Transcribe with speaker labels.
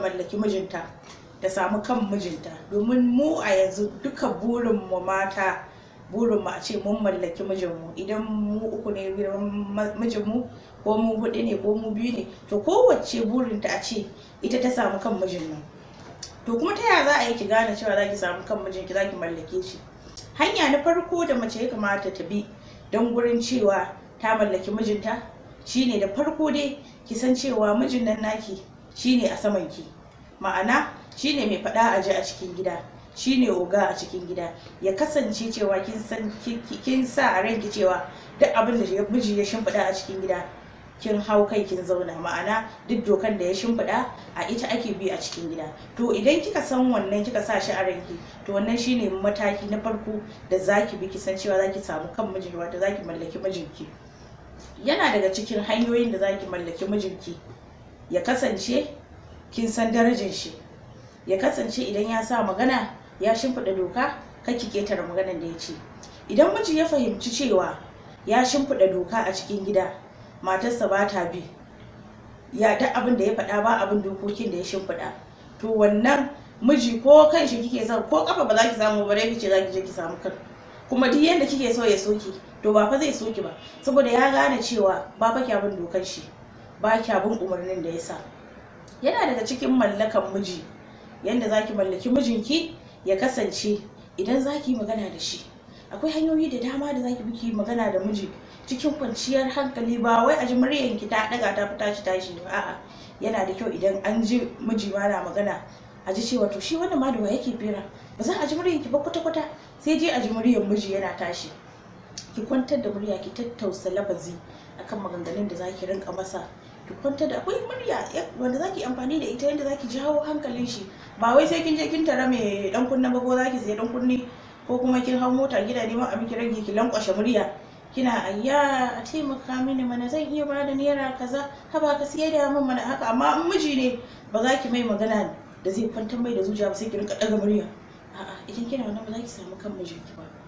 Speaker 1: mallaki mijinta ta samu kan mijinta domin mu a yanzu duka burinmu mata burinmu a ce mun mallaki mijinmu idan mu uku ne mijinmu ko mu hudu ne ko mu biyu ne to kowace burinta a ce ita ta samu kan mijin nan to kuma ta yaya za a yi ki gane cewa za ki samu kan mijinki za ki mallake shi hanya na farko da mace ya kamata ta bi don gurin cewa ta mallaki mijinta shine da farko dai ki san cewa mijin nan naki shine a saman ki ma'ana shine mai faɗa a ji a cikin gida shine oga a cikin gida ya kasance cewa kin san kin sa a ranki cewa duk abin da miji ya shimfiɗa a cikin gida kin hau kai kin zauna ma'ana duk dokan da ya shimfiɗa a ita ake bi a cikin gida to idan kika san wannan kika sa shi a ranki to wannan shine mataki na farko da zaki bi ki san cewa zaki samu kan mijin wato zaki mallaki mijinki yana daga cikin hanyoyin da zaki mallaki mijinki ya kasance kin san darajar shi ya kasance idan ya sa magana ya shimfiɗa doka kake ketare maganar da ya ce idan miji ya fahimci cewa ya shimfiɗa doka a cikin gida matarsa ba ta bi ya ta abin da ya faɗa ba abin dokokin da ya shimfiɗa to wannan miji ko kan shi kike son ko kafa ba za ki samu ba ki ce za ki je ki samu kan kuma duk yanda kike so ya soki to ba fa zai soki ba saboda ya gane cewa ba fa ki abin dokar shi ba kya bin umarnin da ya sa yana daga cikin mallakan miji yanda za mallaki mijinki ya kasance idan zaki ki magana da shi akwai hanyoyi da dama da za ki biki magana da miji cikin kwanciyar hankali ba wai a ji muryanki ta daga ta fi tashi tashi ba a'a yana da kyau idan an ji miji ma na magana a ji cewa to shi wannan ma da yake fira ba za a ji muryanki ba kwata kwata sai je a ji muryan miji yana tashi ki kwantar da murya ki tattausa lafazi akan maganganun da zaki rinka masa ki kwantar da akwai murya wanda zaki amfani da ita yadda zaki jawo hankalin shi ba wai sai kin je kin tara mai dan kunna ba ko zaki sai dan kunni ko kuma kin hau mota gida ne neman abin ki rage ki lankwashe murya kina ayya a taimaka mini mana zan iya ba da naira kaza haba ka siya da mun mana haka amma in miji ne ba za ki mai magana da zai kwantar mai da zuciya ba sai ki rinka daga murya a'a idan kina wannan ba za ki samu kan mijinki ba